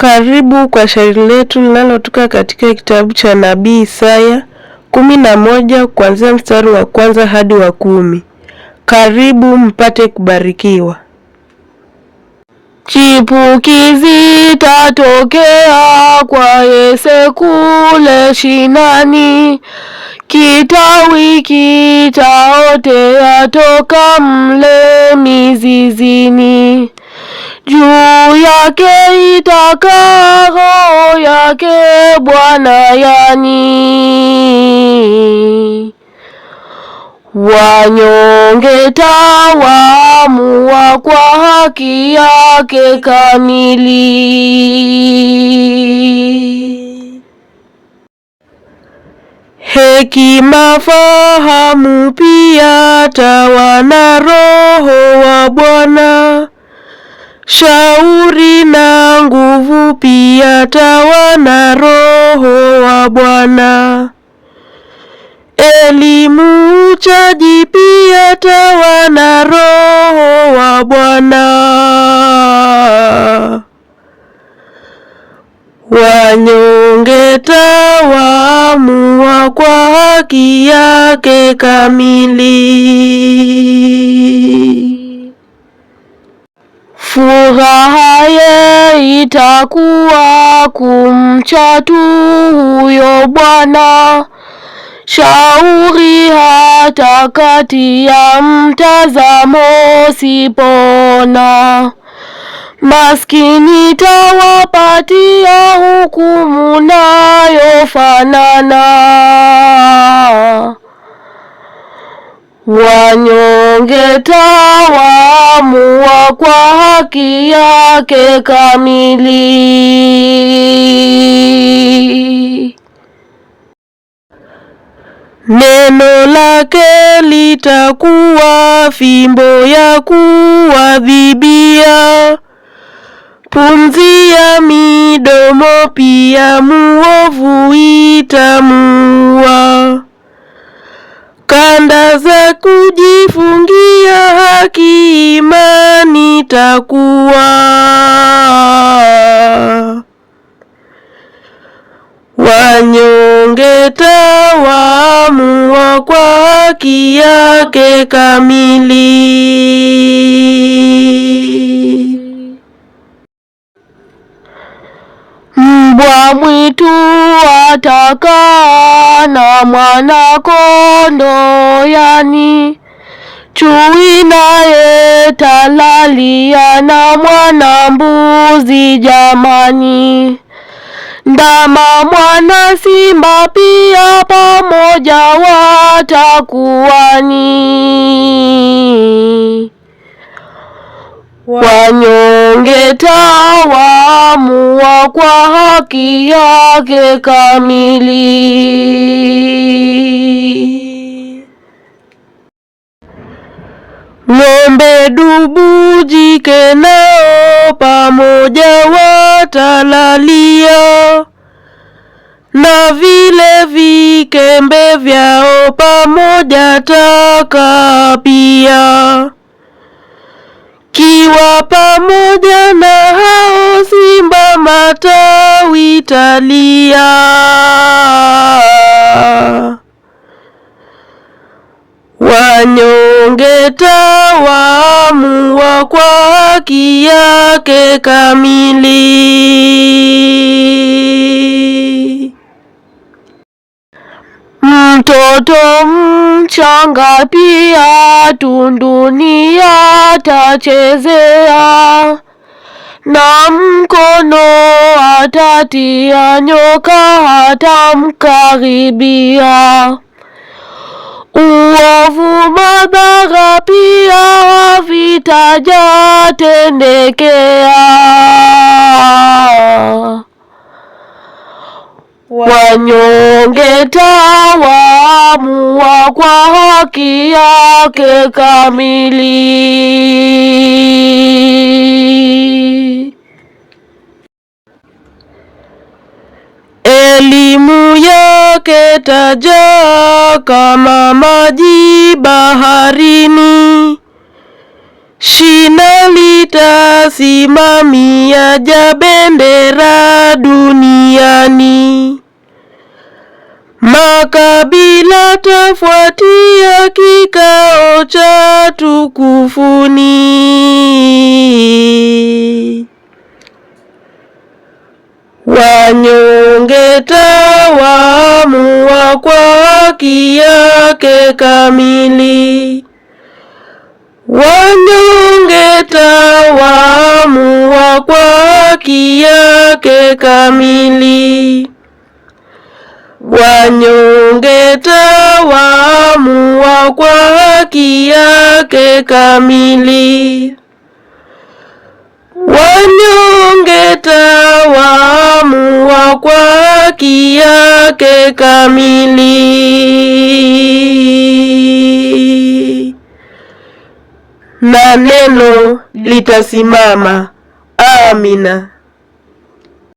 Karibu kwa shairi letu linalotoka katika kitabu cha nabii Isaya kumi na moja kuanzia mstari wa kwanza hadi wa kumi. Karibu mpate kubarikiwa. Chipukizi tatokea kwa Yese kule shinani, kitawi kitaotea toka mle mizizini juu yake itakaa roho yake Bwana, yani wanyonge tawaamua kwa haki yake kamili. Hekima fahamu pia tawa na roho wa shauri na nguvu, pia tawa na Roho wa Bwana. Elimu, uchaji, pia tawa na Roho wa Bwana. Wanyonge tawaamua kwa haki yake kamili. Furaha ye itakuwa kumcha tu huyo Bwana, shauri hata kati ya mtazamo sipona. Maskini tawapatia hukumu nayofanana, wanyo angetawaamua kwa haki yake kamili. Neno lake litakuwa fimbo ya kuadhibia, pumzi ya midomo pia muovu itamua Kanda za kujifungia haki, imani takuwa. Wanyonge tawaamua kwa haki yake kamili. mbwa mwitu atakaa na kondo yani, chui naye talalia na mwana mbuzi jamani, ndama mwana simba pia pamoja watakuwani wanyonge tawa kuamua kwa haki yake kamili. Ng'ombe, dubu, jike nao pamoja watalalia, na vile vikembe vyao pamoja taka pia ukiwa pamoja na hao simba, matawi talia. Wanyonge tawaamua kwa haki yake kamili. Mtoto mchanga pia tunduni atachezea, na mkono atatia nyoka hatamkaribia. Uovu madhara pia vitajatendekea wanyo atawaamua kwa haki yake kamili. Elimu yake taja kama maji baharini, shina litasimamia ja bendera duniani. Makabila tafuatia kikao cha tukufuni, wanyonge tawaamua kwa haki yake kamili, wanyonge tawaamua kwa haki yake kamili Wanyonge tawaamua kwa haki yake kamili. Wanyonge tawaamua kwa haki yake kamili, na neno litasimama. Amina.